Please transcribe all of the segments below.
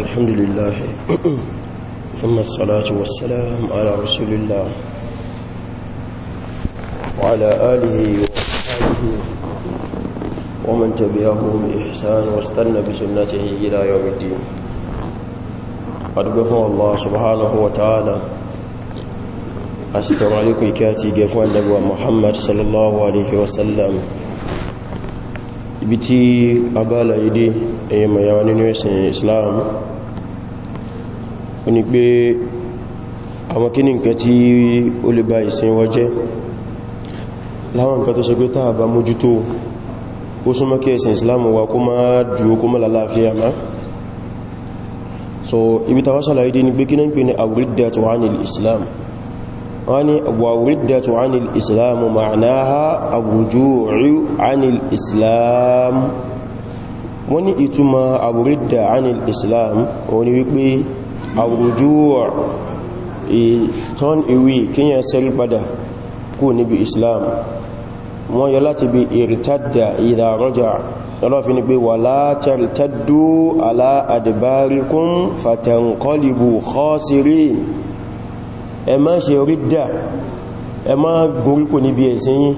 الحمد لله ثم الصلاة والسلام على رسول الله وعلى آله وصحبه ومن تبعه بإحسان واستنى بسنته إلى يوم الدين أدقفه الله سبحانه وتعالى asitọrọ alékùn kí a ti gẹ fún annabuwa muhammad sallallahu alaihi wasallam ibi tí a bá láyé dé èyí mai yawa nínú ẹ̀sìn islam ó ní pé àwọn kí ní nǹkan tí ó lè bá ìsìn wa jẹ́ láwọn nǹkan tó ṣe pé táà bá mójútó ó súnmọ́ kí ẹ̀sìn islam wa kó má dúró kó má lálàáfíà má so ibi tawásàlá ìdí ni pé kí náà ń pè ní àwòrídà tó islam wani wàwídàtù anil islam ma'anáha àwùjúrí anil islam wọ́n ní ìtumà àwùrídà anil islam wọ́n ní wípé àwùjúr turn away kíyàn sẹ́rí padà kú níbi islam wọ́n yọ láti bí ìrìtàdà ìdàrọjà lọ́lọ́fin ni pé wala tartaddu ala adbarikum fatankọlìbù khasirin ẹ má ṣe orí dà ẹ má gúnrí kò níbi ẹ̀sìn yín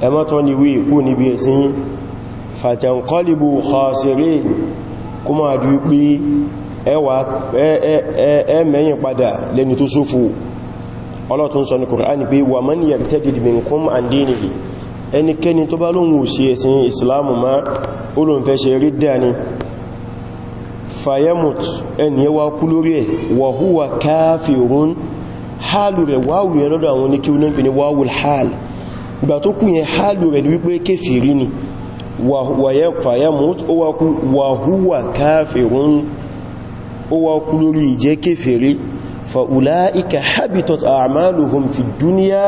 ẹ má tọ́ ni wí kò níbi ẹ̀sìn yín fàtẹ̀ǹkọ́lìbù khasirin kó máa dú pé ẹ mẹ́yìn padà lẹ́ni tó ṣòfò ọlọ́tún sọ ní Kùránì pé wà man yartadid minkum an dinihi ẹnikẹ́ni tó bá lóhun ò ẹ̀sìn ìsìláàmù má olóǹfẹ́ ṣe rí dà ní fayamut ẹni ẹwà kú lórí ẹ̀ wa huwa kafirun hálù rẹ̀ wáwù yẹn lọ́dọ̀ àwọn oníkí onípe ni wáwù hál ìgbà tó kú yẹn hálù rẹ̀ ni wípé kéfèrí ni wàhúwà káfirun ó wá kú lórí ìjẹ́ kéfèrí fa'ula'ika habitat a'maluhum fi duniya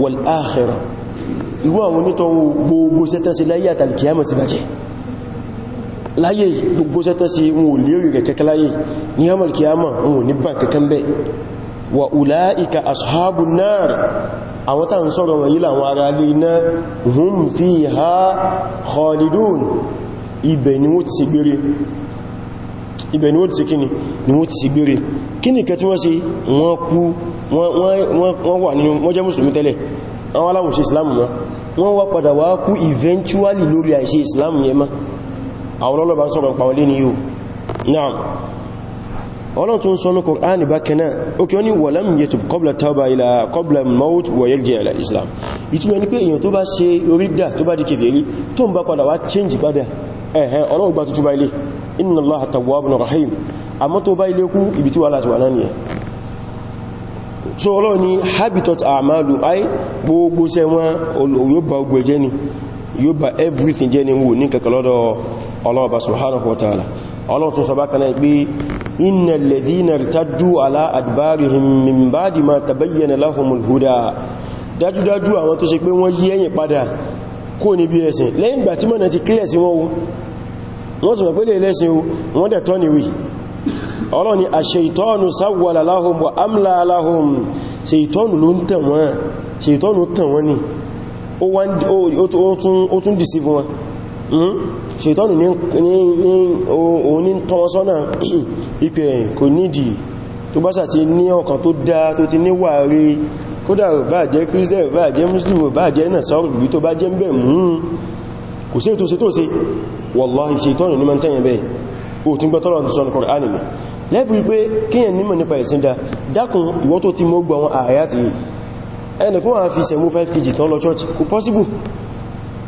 wal akhirah irú àwọn onítọ̀ gbogbo sẹ́tẹ́sí láyé àtàlìkìyàmọ̀ gbogbo sẹ́tẹ́sí wọn ò lérí rẹ̀ kẹ́kẹ́ láyé ní àmàlìkìyàmọ̀ wọn ò ní bá kẹ́kẹ́ bẹ́ẹ̀ wa ulaika ashabun nar àwọn tàà ń sọ̀rọ̀ wọ̀nyí láwọn ará lè iná hum fiha khalidun ibẹ̀ ni wọ́n ti ṣe gbére ibẹ̀ ni wọ́n ti ṣe kíni ni wọ́n ti ṣe gbére kíni kẹ tí wọ́n ṣe wọ́n kú wọ́n wà nínú wọ́n jẹ́ mùsùlùmí tẹ́lẹ̀ àwọn aláwọ̀ ṣe islam wọn wọ́n wá padà wá kú eventually lórí àìṣe islam yẹn ma àwọn ọlọ́lọ́bà sọ̀rọ̀ pàwọn lé ní yóò náà ọlọ́run tún sọ ní Kùránì bákanáà òkè ó ní walam yatub qabla tawba ila qabla maut wa yarji ila islam ìtumọ̀ ní pé èyàn tó bá ṣe orídà tó bá di kèfèrí tó ń bá padà wá change padà ẹ̀hẹ́ ọlọ́run gba tuntun bá ilé inna allaha tawwabun rahim àmọ́ tó bá ilé kú ibi so ọlọ́run habitat amalu ai gbogbo ṣe wọn yóò ba ogbò jẹ́ ni everything jẹ́ ni wò ní kẹkẹlọ́dọ̀ ọlọ́ọ̀bá subhanahu wa ta'ala ọlọ́run tún sọ bákanáà pé إن الذين ارتدوا على أدبارهم من بعد ما تبين لهم الهدى dájú dájú àwọn tó ṣe pé wọ́n yí ẹ̀yìn padà kó ní bí ẹ̀sìn lẹ́yìn ìgbà tí mọ́nà ti kílẹ̀ sí wọ́n wọ́n tí wọ́n pé lè lẹ́sìn wọ́n dẹ̀ tọ́ni wí ọlọ́ni àṣeìtọ́nù sáwọ̀lá láhùn wà ámlà láhùn ṣeìtọ́nù ló tún ṣètọ́nù ní òní tọwọ́ sọ́nà ipẹ̀ ẹ̀yìn kò nídìí tó bá sàti ní ọkàn tó dáa tó ti níwà rí kódà bá jẹ́ Christian bá jẹ́ Muslim bá jẹ́ nàṣọ́rùgbí tó bá jẹ́ bẹ̀ mú kò sí ètò sétò sí wallahi ṣètọ́nù ní ma ń tẹ́yẹn bẹ́ẹ̀ o tí ń gbọ́ tọ́lọ̀ sọ́nà Kùránì mi lẹ́fìrí pé kíyàn nímọ̀ nípa ìsin dá dákùn ìwọ́n tó ti mọ́ gbọ́ àwọn àyàtì ẹnìkún wà fi sẹ̀mú 5 kg tán lọ church kò possible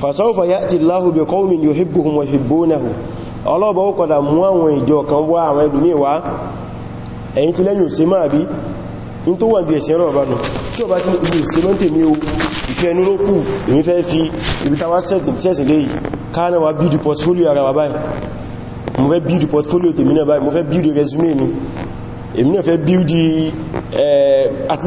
fasawfa ya'ti Allahu bi qaumin yuhibbuhum wa yuhibbunahu ọlọ́ọ̀bọ̀ ó kọ̀dà mú àwọn ìjọ kan wá àwọn ẹlòmíì wá ẹ̀yìn tí lẹ́yìn òsè máa bí in tó wà ní ẹ̀sẹ̀ ẹ̀rọ ọ̀bánu tí ó bá tí ibi portfolio ara wa báyìí mo fẹ́ portfolio tèmi náà báyìí mo fẹ́ resume mi èmi náà fẹ́ build eh, àti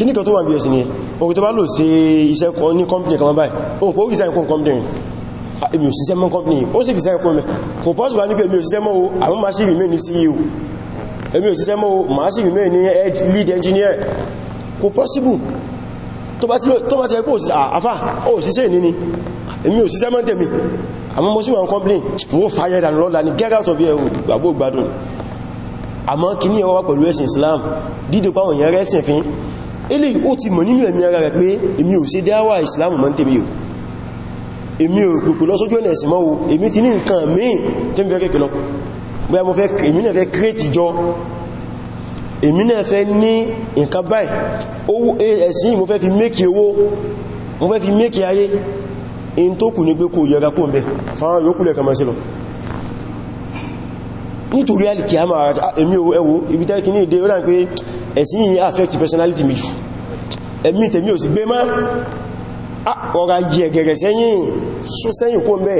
kíní kan tó wà bí ẹ̀sìn ni ohun tó bá lò sí iṣẹ́ ní company kan báyìí ohun kò gíṣẹ́ ikú company èmi ò ṣiṣẹ́ mọ́ company ó sì gíṣẹ́ ikú mẹ́ kò pọ́sù bá ní pé èmi mọ́ o àwọn máa sì ní CEO èmi ò ṣiṣẹ́ mọ́ o máa e lead engineer kò possible tó bá ti ẹkọ́ àfá ó ṣiṣẹ́ ni èmi ò ṣiṣẹ́ mọ́ tèmi àmọ́ mo sí wọn fired and lọ́la ni get out of here gbàgbó gbádùn àmọ́ kí ní ẹwà pẹ̀lú ẹ̀sìn Islam dídò páwọn èèyàn rẹ́sìn fín ilé ó ti mọ̀ nínú ẹ̀mí ara rẹ̀ pé èmi ò ṣe dáwà ìsìláàmù mọ́ tèmi ò èmi ò pèpè lọ sójú ọ̀nà ẹ̀sìn mọ́ o èmi ti ní nǹkan míì tí mo fẹ́ kéèkì lọ bóyá mo fẹ́ èmi náà fẹ́ kírètì jọ èmi náà fẹ́ ní nǹkan báyìí e, ẹ̀sìn kama sí lọ nítorí alìkìyàmà èmi ò ẹwò ibi tẹ́kì ní ìdè ó rà pé ẹ̀sìn yìí affect personality mi jù ẹ̀mí tèmi ò sì gbé mọ́ ah, ọ̀rọ̀ ayé ẹ̀gẹ̀rẹ̀ sẹ́yìn sún sẹ́yìn kó mẹ́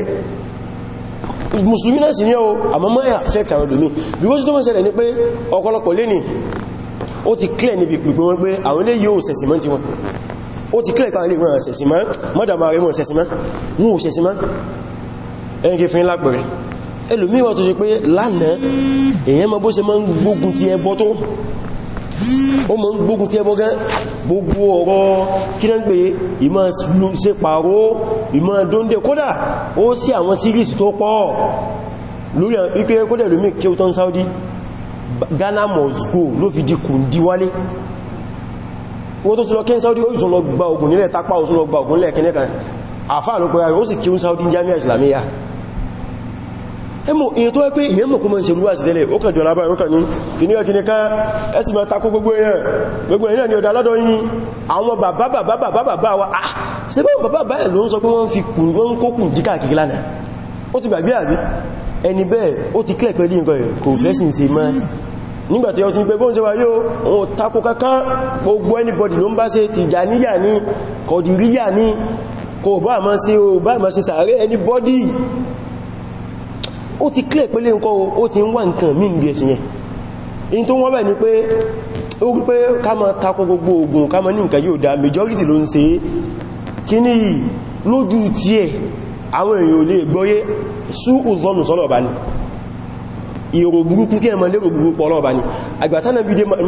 musulmi náà sì ní ọ àmọ́ mọ́ ẹ̀ affect àwọn domi because tó mọ́ ṣẹlẹ̀ ní pé ọ̀pọ̀lọpọ̀ lẹ́ni ó ti clear níbi pípẹ́ wọn pé àwọn ilé yóò sẹ̀sì mọ́ ti wọn ó ti clear pàálẹ̀ wọn sẹ̀sì mọ́ mọ́dàmà rẹ̀ wọn sẹ̀sì mọ́ wọn ò sẹ̀sì mọ́ ẹ̀yìn fi ń lápẹ̀rẹ̀ ẹlòmíwà tó ṣe pé lánàá èèyàn mọ́ bó ṣe mọ́ gbógun ti ẹbọ tó ó mọ́ ń gbógun tí ẹbọ́ gán gbogbo ọ̀rọ̀ kí náà ń pè ìmọ̀ ṣe pàró ìmọ̀ dóndé kódà ó sí àwọn sírísì tó pọ̀ lórí ipé kódà lómi kéwútọ́n Saudi Ghana must go ló fi di kùndí wálé owó tó ti lọ kí ní Saudi ó ìsùn lọ gba ogun nílẹ̀ tápá ó sún lọ gba ogun lẹ́ẹ̀kẹ́ ẹmọ èyí tó wẹ́pẹ́ èyí mọ̀kún mọ̀ ṣe lúwà sí tẹ́lẹ̀ ó kàn jọ lábáyé ó kàn ní kìníkà kìníkà ẹsì mẹ́ta kó gbogbo èyàn gbogbo èyàn ni ọ̀dá lọ́dọ̀ yìí àwọn bàbá bàbá bàbá bàbá wa ah ṣe bá bàbá bàbá ló ń sọ pé wọ́n fi kùn wọ́n kó kùn díkà kìí lánàá ó ti gbàgbé àbí ẹni bẹ́ẹ̀ ó ti kílẹ̀ pẹ̀lú nǹkan ẹ̀ kò fẹ́sìn ṣe mọ́ nígbàtí ọdún pé bóń ṣe wáyé òun takò kankan gbogbo anybody ló ń bá ṣe Tìjàníyà ní Kọ̀dìríyà ní kò bá àmọ́ sí sàárẹ́ anybody ó ti clear pé lè ǹkọ́ ó ti ń wà nǹkan mí níbi ẹ̀sìn yẹn in tó wọ́n bẹ̀ ni pé ó pé ká ma takọ gbogbo ogun ká ma ní nǹkan yóò dá majority ló ń ṣe kí ní lójú tí ẹ̀ àwọn èèyàn ò lè gbọ́yé sú ùzọ́nù sọ́lọ̀ bá ní ìrò burúkú kí ẹmọ lérò burúkú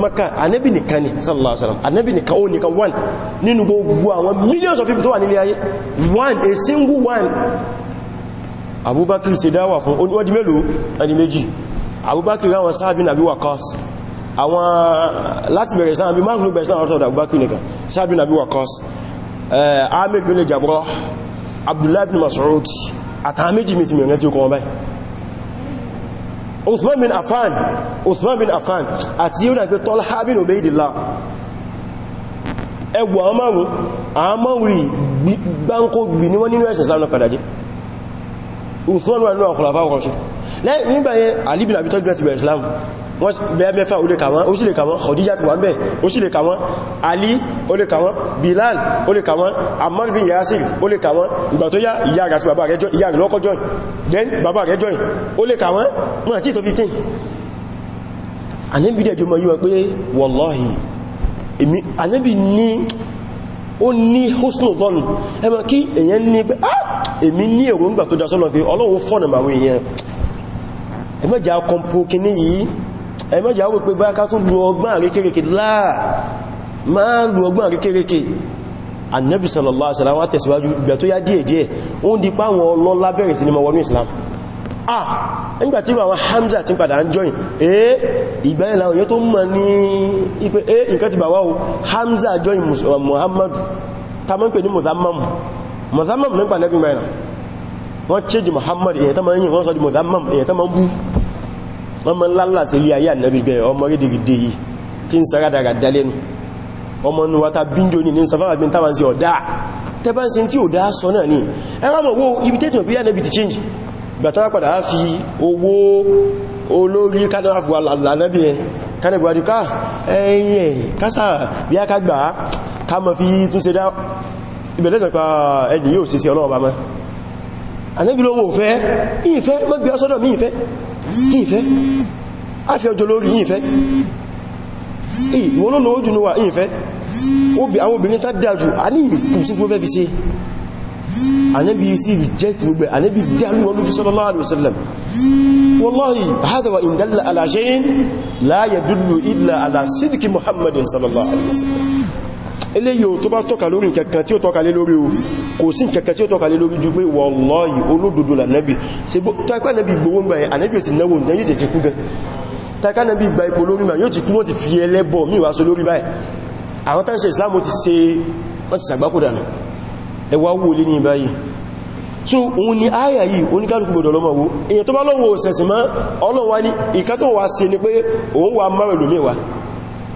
maka anẹ́bì ni sallallahu alaihi wasallam anẹ́bì nìkan ó one nínú gbogbo àwọn millions of people tó wà nílé ayé one a single one abubakir ṣe dáwà fún ó di mélòó ẹni méjì abubakir ráwọn sáàbí nàbí wakas àwọn láti bẹ̀rẹ̀ sáàbí márùn ló bẹ̀rẹ̀ sáàbí nàbí eh, ahmed bin jabro abdullahi bin mas'ud àtàwọn méjì mi ti mẹ̀rẹ̀ tí ó kọ́ bin affan uthman bin affan àti yíò bin obeidillah ẹgbù àwọn márùn-ún àwọn márùn-ún gbáǹkó gbì ní wọ́n nínú ẹ̀sẹ̀ sáàbí padà jẹ́ Uthman wà ní àwọn khulafa ar-rashid lẹ́yìn nígbà yẹn Ali bin Abi Talib ti bẹ̀rẹ̀ Islam wọ́n bẹ̀rẹ̀ mẹ́fà ó lè kà wọ́n ó sì lè kà wọ́n Khadija ti wà bẹ̀ ó sì lè Ali ó lè kà Bilal ó lè kà wọ́n bin Yasir ó lè kà wọ́n ìgbà tó yá ìyá rẹ̀ àti bàbá rẹ̀ ìyá rẹ̀ lọ́kọ́ join then bàbá rẹ̀ join ó lè kà wọ́n mọ̀ tí tó 15 Ànábì dẹ̀ jọmọ yíwa pé wallahi Ànábì ní ó ní husnul dhann ẹmọ kí èyàn ní pé ah, èmi ní èròǹgbà tó dasọ́lọ̀ pé ọlọ́run fọ́nà àwọn èèyàn ẹmẹ́jà kọmpó kìíní yìí ẹmẹ́jà wò pé báyá kátún lu ọgbọ́n àríkèrèkè láà máa lu ọgbọ́n àríkèrèkè annabi sallallahu alaihi wasallam tẹ̀síwájú ìgbà tó ń di islam ah nígbà tí hamza ti padà ń jọyìn eh ìgbà ìlà òye tó mọ̀ ní ipé eh hamza jọyìn muhammadu ta mọ́ pè ní mọ̀dámàm nípa nẹ́bí mẹ́rin wọ́n chéjì Muhammad èyàn tó ma yìn wọ́n sọ di mọ̀dámàm èyàn tó ma bú wọ́n ma lálà sí ilé ayé ànẹ́bí gẹ̀ ọmọ rí dìgidì yìí tí ń sọ́rọ̀ dára dálẹ́nu ọmọ nu wata bíndò ní ní sọfára bí táwọn sí ọ̀dá tẹ́bá sí tí ọ̀dá sọ change gbàtọ́wà padà á fi owó olórí kánáà fún ànẹ́bí ẹ kánáà bí wájú ká ẹ̀yìn ẹ̀ kásà bí á mọ̀ fi túnṣe dá ìbẹ̀lẹ́sọ̀ pa ẹni yóò sí sí ọlọ́ọ̀bá mọ́ àníbí lówó fẹ́ ìfẹ́ mọ́bí ọsọ́dọ̀ mí ìfẹ́ ìfẹ́ àfẹ́ ọjọ́ lórí ìfẹ́ ìwọ́n lónà ojú níwà ìfẹ́ àwọn obìnrin tá dájú a ní ìfúsí tó fẹ́ fi ṣe àníbí sí reject gbogbo àníbí dájú wọn lójú sallallahu alaihi wasallam wallahi hada wa in dalla ala shay'in la yadullu illa ala sidqi muhammadin sallallahu alaihi wasallam eléyìí ò tó bá tọ́ka lórí nǹkankan tí ó tọ́ka lé lórí o kò sí nǹkankan tí ó tọ́ka lé lórí ju pé wallahi olódodo lànàbì tó ẹgbẹ́ ànàbì gbowó ma yóò ti kú wọ́n ti fi ẹlẹ́bọ mí wá so lórí báyìí àwọn táìṣẹ́ Islam so òun ni àyà yìí oníkálùkù gbọdọ̀ lọ́mọ̀ owó èyàn tó bá lọ́wọ́ òsẹ̀sìn mọ́ ọlọ́wà ní ìkà tó wà ni pé òun wà márùn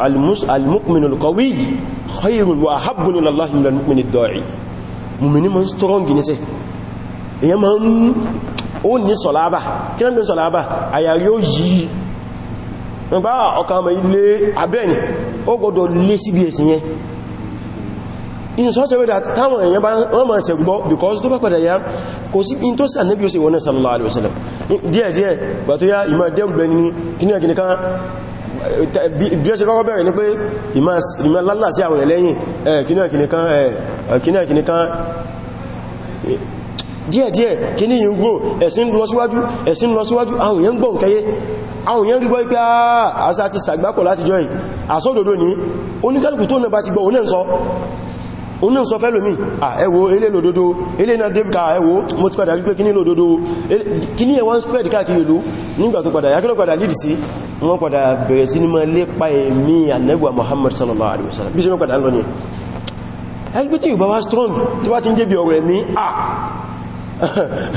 al-mu'min al-qawi khayrun wa ahabbun ila Allah min al-mu'min ad-da'if mu'mini man strong ni se eyan ma o ni solaba kina be solaba aya yo yi nba ọkàn ma ile abeni ó godo le síbi ẹ̀sìn yẹn in such a way that táwọn èèyàn bá wọ́n máa ṣe gbọ́ because tó bá padà yá kò sí in tó sí ànábí ó ṣe wọ́n náà sallallahu alaihi wasallam díẹ̀díẹ̀ gbà yá ìmọ̀ dẹ́gbẹ̀ kíníyàn kìníkan bí ó ṣe kọ́kọ́ bẹ̀rẹ̀ ní pé ìmọ̀ lálà sí àwọn ẹlẹ́yìn kìnnìkan díẹ̀díẹ̀ kìnnì yìí ń gbò ẹ̀sìn lọ síwájú ẹ̀sìn lọ síwájú àwọn èèyàn gbọ́n kẹyẹ àwọn èèyàn rígbọ́ ipé ah, àṣà ti sàgbápọ̀ láti jọ yìí àsọ́dòdó ní oníkálùkù tó náà bá ti gbọ́ òun náà sọ òun náà sọ fẹ́ lómi ẹwọ ilé lòdòdó ilé náà débìkà ẹwọ mo ti padà wípé kíní lòdòdó kíní ẹwọ́n spread káàkiri ìlú nígbà tó padà yàkílò padà lead sí wọ́n padà bẹ̀rẹ̀ sí ní máa lépa ẹ̀mí ànẹ́gbà Muhammad sallallahu alaihi wasallam bí ṣe mọ́ padà ń strong tó wá ti ń débi ọ̀rọ̀ ẹ̀mí à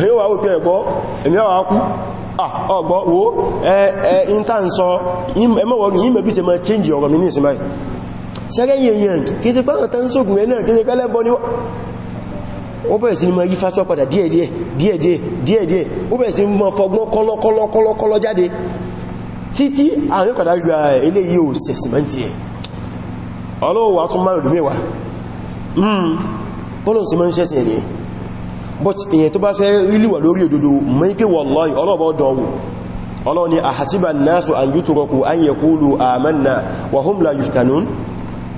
ẹ̀yọ́ wà òkè ẹ̀gbọ́ ẹ̀mí àwọn akú ọgbọ́ change ọ̀rọ̀ mi ní ìsinmi ṣẹ́rẹ́ yẹ̀yẹn kí ṣe pẹ́lọ̀ tán sókùn ẹ̀ náà kí ṣe pẹ́lẹ̀ bọ́ ní ó bẹ̀rẹ̀ sí ní máa yí fásitì padà díẹ̀díẹ̀ díẹ̀díẹ̀ ó bẹ̀rẹ̀ sí ní máa fọgbọ́n kọ́lọ́kọ́lọ́kọ́lọ́ jáde títí àríkọ̀dá gba ilé yìí ò sẹ̀sìmẹ́ntì ẹ̀ ọlọ́wà tún márùn mẹ́wàá hmm, bọ́lọ̀ sí mọ́ ń ṣẹ́sìn ẹ̀ but èyàn tó bá fẹ́ rílíwà lórí òdodo mẹ́kẹ́ wallahi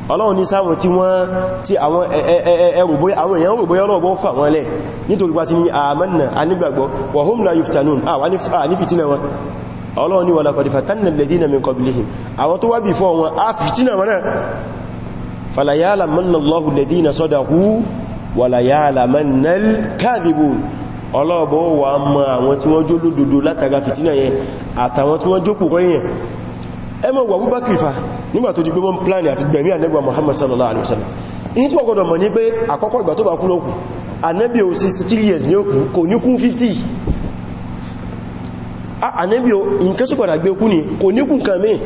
ọlọ́run ní sáwọn tí wọ́n tí àwọn ẹrùgbé àwọn èèyàn rùgbé ọlọ́ọ̀bọ̀ fà wọ́n lẹ̀ nítorí pá ní amanna anígbàgbọ́ wa hum la àwọn anífìtínà wọn ọlọ́ni wà laqad fatanna alladhina min qablihim àwọn tó wá bí fọ́ wọn a fìtínà wọn náà falaya'lamanna Allahu alladhina sadaqu walaya'lamanna al-kadhibun ọlọ́ọ̀bọ̀ wà mọ àwọn tí wọ́n jó lódodo látara fìtínà yẹn àtàwọn tí wọ́n jó kòkó yẹn ẹ mọ̀ wà búbá kìfà nígbà tó di pé wọ́n pláni àti gbẹ̀mí ànẹ́gbà 50 ànábì o nǹkan sí padà gbé kú ni kò ní kún kàmí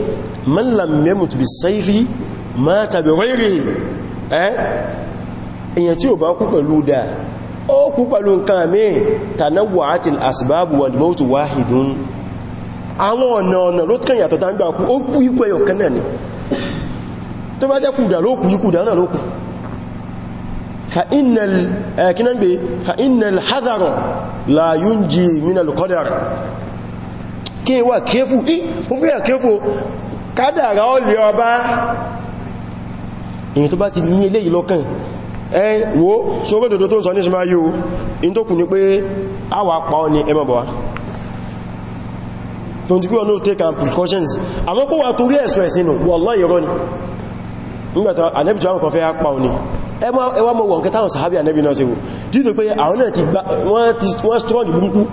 man lam yamut bi sayfi mata bi ghayrihi ẹ́ èyàn tí ò bá kú pẹ̀lú dáa ó kú pẹ̀lú nǹkan mí tanawwa'atil asbab wal mautu wahidun àwọn ọ̀nà ló kàn yàtọ̀ tán gbà la yunji minal qadar kí wà kéfù ní ó fẹ́ kéfù kádàrá ọba èyí tó bá ti ní eléyìí lọ́kàn ẹ wo ṣogbọ́n tó ń sọ ní ṣe máa yíò in tó kù ní pé àwà pa ọ ní ẹmọ̀ tó ń tí náà take and precautions àmọ́ kó wà torí ẹ̀sùn ẹ̀sìn nù wallahi irọ́ ni nígbàtà anẹ́bìtì àwọn kan fẹ́ á pa ọ ní ẹwà mọ̀ wọ̀n kẹtàwọn sàhábì anẹ́bì náà ṣe wò dídò pé àwọn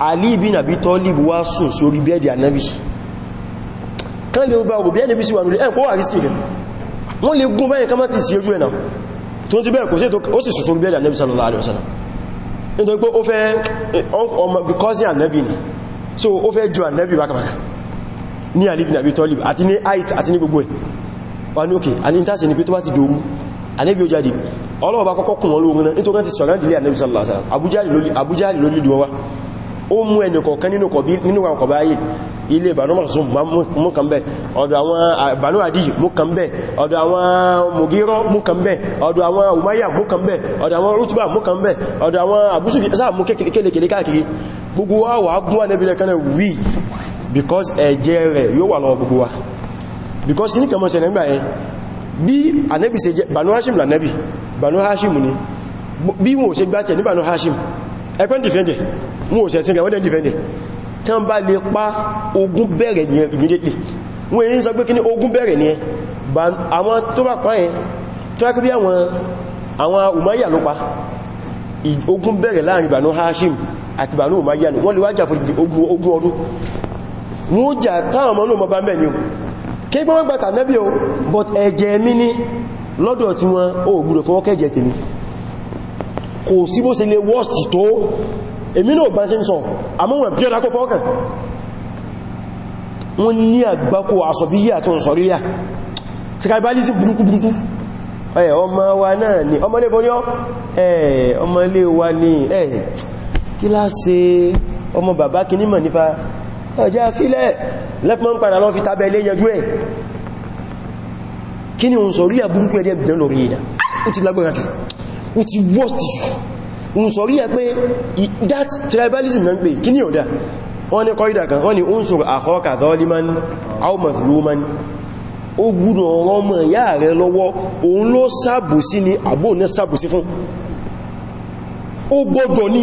Ali ibn Abi Talib wá sùn sórí bẹ́ẹ̀dì ànábì kán lè gbá ọgbọ̀ bí ẹni bí sí wà nílé ẹ̀kọ́ wà rísìkì rẹ̀ wọ́n lè gún báyìí ká má ti sí ojú ẹ̀nà tó ti bẹ́ẹ̀ kò sí ó sì sùn sórí bẹ́ẹ̀dì ànábì so ó fẹ́ ju ànábì bákàbákà Ali ibn Abi Talib àti ní height àti ní ni pé tó bá ti dòru ànábì ó jáde ọlọ́ọ̀bá kọ́kọ́ kùn wọn lóòrùn náà nítorí ti sọ̀rọ̀ ìdílé ànábì sallallahu alaihi ló lè dùn ó mú ẹnì kọ̀ọ̀kan nínú àwọn kọ̀bá yìí ilé ìbànú marsum mú ọ̀dọ̀ àwọn ìbànú àdí mú ọ̀dọ̀ àwọn mugiro mú ọ̀dọ̀ àwọn umayya mú ọ̀dọ̀ àwọn rutuba mú ọ̀dọ̀ àwọn abusufi because ẹ̀jẹ̀ rẹ̀ yóò wà lọ́wọ́ gbogbo because kí ní kẹmọ́ sẹ̀rẹ̀ nígbà yẹn bí anẹ́bì ṣe banu hashim lànẹ́bì banu hashim ni bí wọn ò ṣe gbá tẹ̀ ní banu hashim ẹgbẹ́ ń dìfẹ́ndẹ̀ wọn ò sẹ̀sìn rẹ̀ wọ́n dẹ̀ dìfẹ́ndẹ̀ tán bá lè pa ogun bẹ̀rẹ̀ ní immediately wọ́n èyí sọ pé kí ní ogun bẹ̀rẹ̀ ní ẹ àwọn tó bá pa ẹ̀ tó wá kí bí àwọn àwọn umayya ló pa ogun bẹ̀rẹ̀ láàrin bànú hashim àti bànú umayya wọ́n lè wájà fún ogun ọdún but ẹ̀jẹ̀ mi ní lọ́dọ̀ tí wọ́n ò gbúdọ̀ fọwọ́kẹ́jẹ̀ tèmi kò sí bó ṣe lè worst tó èmi náà bá ti ń sọ àmúwẹ̀ bí ọ̀dá kó fọ́ọ̀kàn wọ́n ní àgbákò àsọ̀bíyà àti ọ̀sọ̀ríyà tribalism burúkú burúkú ẹ̀ ọmọ wa náà ni ọmọlé bọ́ ní ọ́ ẹ̀ ọmọlé wa ni ẹ̀ kí láṣe ọmọ bàbá kì ní mọ̀ nípa ọjá fílẹ̀ lẹ́fún ń padà lọ fi tábẹ̀lé yẹjú ẹ̀ kí ni òun sọ̀ríyà burúkú ẹ̀dẹ́ nsọ̀rí ẹ pé that tribalism na ń pè kí ní ọ̀dá wọ́n ní kọ́ídà kan wọ́n ní ó ń sọ àkọ́ọ̀kà zaliman aw mazluman ó gbúdọ̀ ọ̀rọ̀ ọmọ ìyá rẹ lọ́wọ́ òun ló sàbòsí ni àbò ní sàbòsí fún ó gbọ́gbọ̀ ní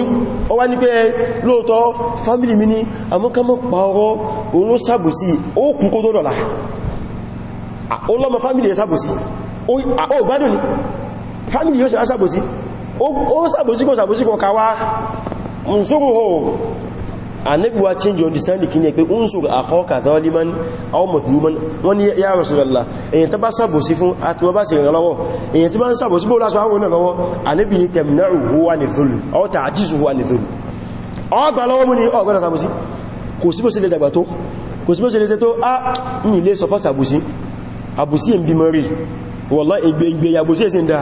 ọwá ní pé lóòtọ́ fámílì mi ní àmọ́kámọ́ pa ọ̀rọ̀ òun ló sàbòsí ó kú kó tó dọ̀lá ó lọ́mọ fámílì ẹ sàbòsí ó gbádùn ní fámílì yóò sàbòsí ó sàbòsíkò sàbòsíkò káwá ǹsùrù hù annabiwa change your understanding kí ni pé ǹsùrù àkọ́ọ̀kà zaliman aw matluman wọ́n ni ya Rasulullah èyàn tó bá sàbòsí fún àti wọ́n bá sì rìn lọ́wọ́ èyàn tí bá ń sàbòsí bó lásọ àwọn ìrànlọ́wọ́ annabi ni tẹ̀mìnàrù huwa ní zulm aw ta'jizu huwa ní zulm ọgbà lọ́wọ́ mú ni ọgbọ́dọ̀ sàbòsí kò sí bó sí lè dàgbà tó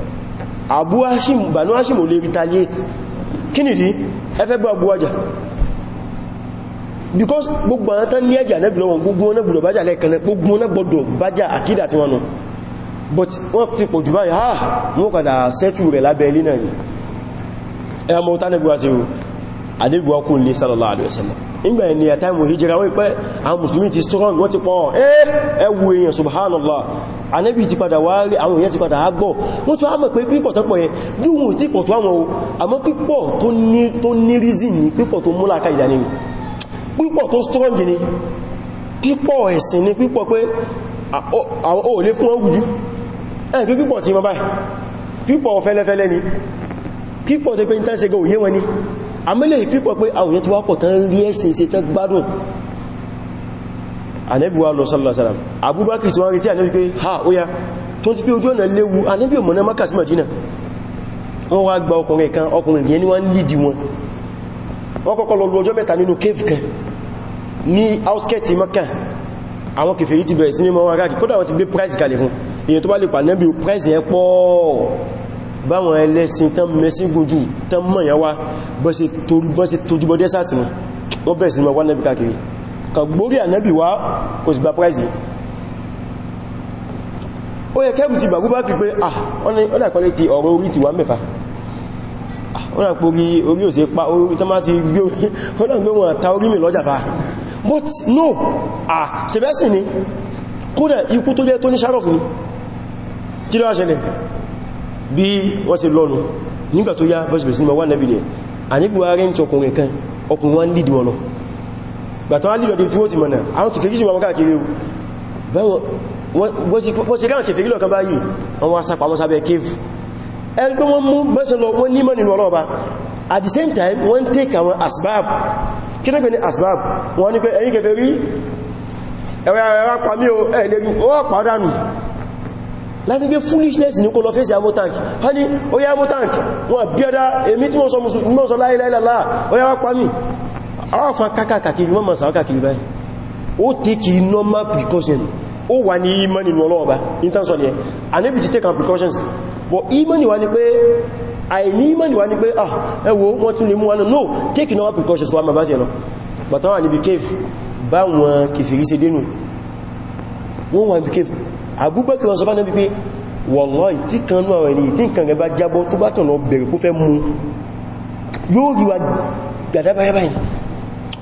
Abu Hashim Banu Hashim ò lè retaliate kí nìdí ẹfẹ́ bá Abu Waja because gbogbo àwọn tán ní ẹjà nẹ́bìlọ wọn gbogbo wọn nẹ́bìlọ bájà lẹ́ẹ̀kan gbogbo wọn nẹ́gbọ́dọ̀ bájà àkídà tí wọn nù but wọ́n ti pọ̀ jù báyìí ah mú kàdà sẹ́tù rẹ̀ lábẹ́ ilé náà yìí ẹ mọ́ tánẹ́bìwá sí adébìwá kú ní sallallahu alaihi wasallam ìgbà ẹni àtàìmù hijira wọ́n pẹ́ àwọn musulmi ti strong wọ́n ti pọ̀ ẹ́ eh, ẹwù èèyàn subhanallah anẹ́bì ti padà wá rí àwọn èèyàn ti padà agbọ́ wọ́n tún á mọ̀ pé pípọ̀ tọ́pọ̀ yẹn dúnwò tí pọ̀ tó àwọn o àmọ́ pípọ̀ tó ní rízì ní pípọ̀ tó múlá ká ìdá ni pípọ̀ tó strong ni pípọ̀ ẹ̀sìn ni pípọ̀ pé àwọn ò lè fún wọn gújú ẹ̀ pé pípọ̀ ti ni pípọ̀ tó Ànábì wa lọ sallallahu alaihi wasallam Abubakar tí wọ́n rí tí Ànábì pé ha ó yá tó ti pé ojú ọ̀nà léwu Ànábì ò mọ̀nà Mákà sí Mẹdínà wọ́n wá gba ọkùnrin kan ọkùnrin yẹn ni wọ́n lìdí wọn wọ́n kọ́kọ́ lọ lọ́jọ́ mẹ́ta nínú cave kan ní outskirt Mákà àwọn kèfèrí ti bẹ̀rẹ̀ sí price kalẹ̀ fún èyàn tó bá lè price yẹn pọ̀ báwọn ẹlẹ́sìn tán mẹ́sìn gúnjù tán mọ̀yàn wá bọ́sẹ̀ tójú bọ́dẹ́sàtì wọn wọ́n bẹ̀rẹ̀ sí ní mọ́ kàn gbórí ànábì wá kò sì gba prize ó yẹ kẹ́bù ti bàgúbá kì pé ah ọ́nà ìkọlẹ̀ ti ọ̀rọ̀ orí ti wà mẹ́fà ah, ó rà pórí orí òsè pa orí tó máa ti gbé orí ó náà gbé wọn ta orí mi lọ́jà fa but no ah ṣebẹ́sì ni kódà ikú tó jẹ́ tó ní sárọ̀fù ní kí ló ṣẹlẹ̀ bí wọ́n ṣe lọ́nu nígbà tó yá bọ́sibẹ̀sí ma wá nẹ́bìnrin ànígbà rẹ̀ ń tọkùnrin kan ọkùnrin wá ń lìdí wọn lọ gbàtọ́ wá lílọ́dé tí ó ti mọ̀nà àwọn kìfèrí sí wọn káàkiri wọ́n sí káàkiri kìfèrí lọ́kan báyìí wọ́n wá sápamọ́ sábẹ́ cave ẹni wọ́n mú mẹ́sàn lọ wọ́n nímọ̀ nínú ọlọ́ọ̀bá at the same time wọ́n take àwọn asbab kí náà pè ní asbab wọ́n ní pé ẹ̀yin kèfèrí ẹ̀wẹ̀ láti gbé foolishness ní kó lọ fèsì amotank wọ́n ni ó yá amotank wọ́n bí ọ́dá èmi tí wọ́n sọ láìláìlá ó yá wá pàmí àwọn afá kákàkiri wọ́n ma sàwọn kàkiri báyìí ó tèkì normal precaution ó wà ní imani ní ọlọ́ọ̀bá intention yẹn and able to take our precautions but imani wà ní pé àìní imani wà ní pé ah ẹwọ wọ́n tún lè mú wọn no take normal precautions wà má bá ti ẹ̀lọ bàtà wà níbi cave bá wọn kìfèrí ṣe dénú wọ́n wà níbi cave Abubakar wọn sọ bá níbi pé wallahi tí kan náà rẹ̀ ní tí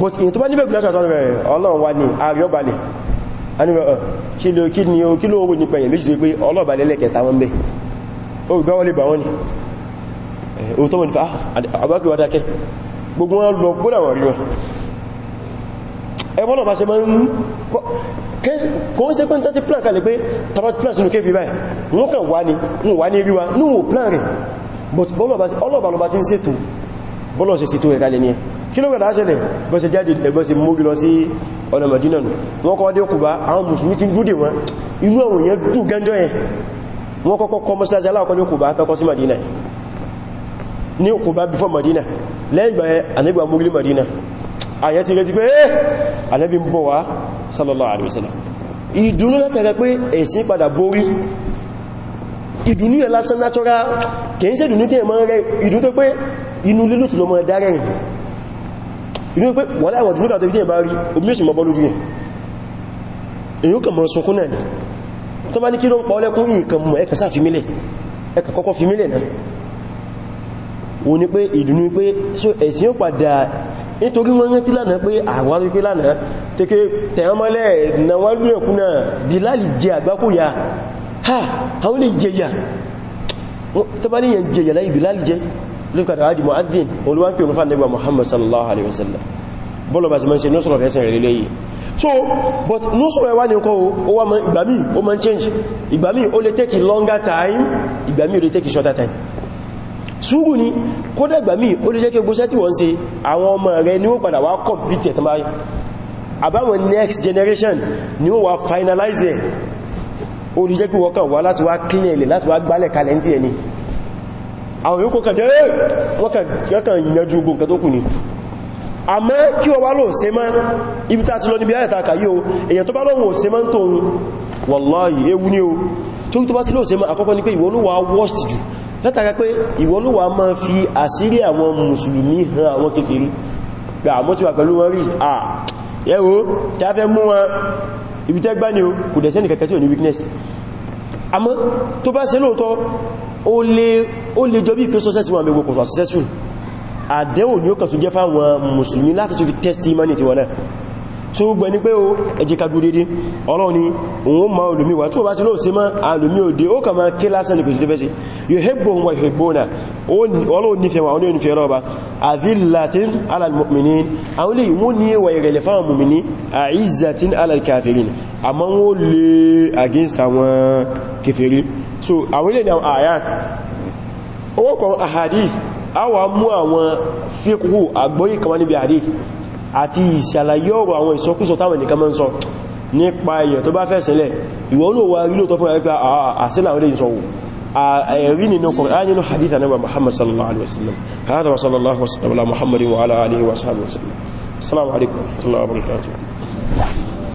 but in tó bá níbẹ̀ gbìyànjú àtọ́rọ̀ rẹ̀ ọlọ́run wá ní àríọ́balẹ̀ aníwẹ̀ kílò kí ni o kílò owó nípa èyàn méjì pé ọlọ́balẹ̀ lẹ́kẹta wọn bẹ́ o gbá wọlé bà wọ́n ni o tó mọ̀ nípa àbákíwádákẹ́ gbogbo wọn lọ gbọ́nà wọn rí wọn ẹgbọ́n náà bá ṣe máa ń kò ń ṣe pé ń tẹ́tí plan kalẹ̀ pé tabat plan sínú kéfì báyìí wọ́n kàn wá ní wọ́n wá ní ríwá níwò kí ló gbẹ̀dá ṣẹlẹ̀ bọ́ ṣe jáde lẹ́gbọ́ ṣe mú lọ sí ọ̀nà Madina nù wọ́n kọ́ dé Kùbá àwọn mùsùlùmí ti ń dúdè wọn inú àwọn èèyàn dù gánjọ́ yẹn wọ́n kọ́kọ́ kọ́ mọ́sílásí aláàkọ́ ní Kùbá Madina ní Kùbá before Madina lẹ́yìn ìgbà anẹ́gbà mú Madina àyẹ́ ti rẹ̀ ti pé ẹ́ eh! anẹ́bí ń bọ̀ wá sallallahu alaihi wasallam ìdùnnú látàrẹ pé ẹ̀sìn padà borí ìdùnnú yẹn lásán natural kìí ṣe ìdùnnú tí ẹ̀ mọ́ rẹ̀ ìdùnnú tó pé inú lílù lọ mọ́ ẹ̀dá rẹ̀ inú pé wà láìwọ̀n dúdú àti ìdíyàn bá rí omi yóò sì lójú èyí kàn mọ́ sunkún náà ni tó bá ní kí ló ń pa ọlẹ́kún nǹkan mọ̀ ẹkà sáà fi mílẹ̀ ẹkà kọ́kọ́ fi mílẹ̀ náà wọ́n ni pé ìdùnnú pé so ẹ̀sìn ó padà nítorí wọ́n rántí lánàá pé àwọn wípé lánàá tẹ́kẹ́ tẹ̀wọ́mọ́lẹ̀ na wọ́n lúrẹ̀ kú náà bí láàlì jẹ àgbákòyà ha àwọn lè ya tó bá níyàn jẹyà láì bí jẹ lókàdà wá di mu'adhdhin olúwápí òun fà nígbà Muhammad sallallahu alaihi wasallam bọ́lọ̀ bá sì mọ́ sí nọ́sọ̀rọ̀ ẹ̀sìn rẹ̀ lélẹ́yìí so but nọ́sọ̀rọ̀ ẹwà ní nǹkan ó wà mọ́ ìgbàmí ó mọ́ change ìgbàmí ó lè take longer time ìgbàmí ó lè take shorter time ṣúgbù ni kódà ìgbàmí ó lè jẹ́ kí gbóṣẹ́ tí wọ́n ṣe àwọn ọmọ rẹ̀ ni ó padà wá compete ẹ̀tàn báyìí next generation ni ó wá finalize ẹ̀ ó lè jẹ́ kí wọ́n kàn wá láti wá clear ilẹ̀ láti wá àwọn yóò kàn jẹ́ wọ́n kàn yanjú ogun nǹkan tó kù ni àmọ́ kí wọ́n wá lò ṣe mọ́ ibi tá ti lọ níbi ayẹta kàyí o èyàn tó bá lọ́wọ́ ṣe mọ́ tó ń wàláyì ewu ní o tó tó bá ti lò ṣe pé ìwọ máa fi àṣírí àwọn mùsùlùmí hàn àwọn kékeré pé àmọ́ ti wà pẹ̀lú wọn rí à ẹwọ tí a fẹ́ mú wọn ibi tẹ́gbá ni o kò dẹ̀ sẹ́ni kẹ̀kẹ́ tí ò ní weakness àmọ́ tó bá ṣe lóòótọ́ ó lè jọ bí pé success wọn mẹ́gbogbo kò successful àdẹ́wò ni ó kàn tún jẹ́ fáwọn mùsùlùmí láti tún fi testimony ti wọn náà tí ó gbẹ̀ ní pé o ẹjẹ́ kagbó dédé ọlọ́ni òun ma olùmí wà tí ó bá ti lóò sí mọ́ alùmí òde ó kàmà kí lásán nìkò sí fẹ́sí yuhibbuhum wa yuhibbuna ọlọ́un nífẹ̀ẹ́ wọn onífẹ́ rọba azillatin ala al-mu'minin àwọn lè wọ́n ní ẹwà ìrẹ̀lẹ̀ fáwọn mùmìní a'izzatin ala al-kafirin àmọ́ wọ́n lè against àwọn kèfèrí so àwọn ilé ni àwọn ayat owó kan ahadith a wà mú àwọn fíkúhù àgbóyí kan níbi hadith àti ìṣàlàyé ọ̀rọ̀ àwọn ìsọkúsọ táwọn nìkan mọ́ ń sọ nípa èyàn tó bá fẹ́ sílẹ̀ ìwọ̀n ní òwà rí lóòtọ́ fún ẹgbẹ́ àṣínà orí ìṣọ́wò ẹ̀rí nínú Kùránì nínú hadith anábà Muhammad sallallahu alaihi wasallam hada wa sallallahu wa sallam Muhammadin wa ala alihi wa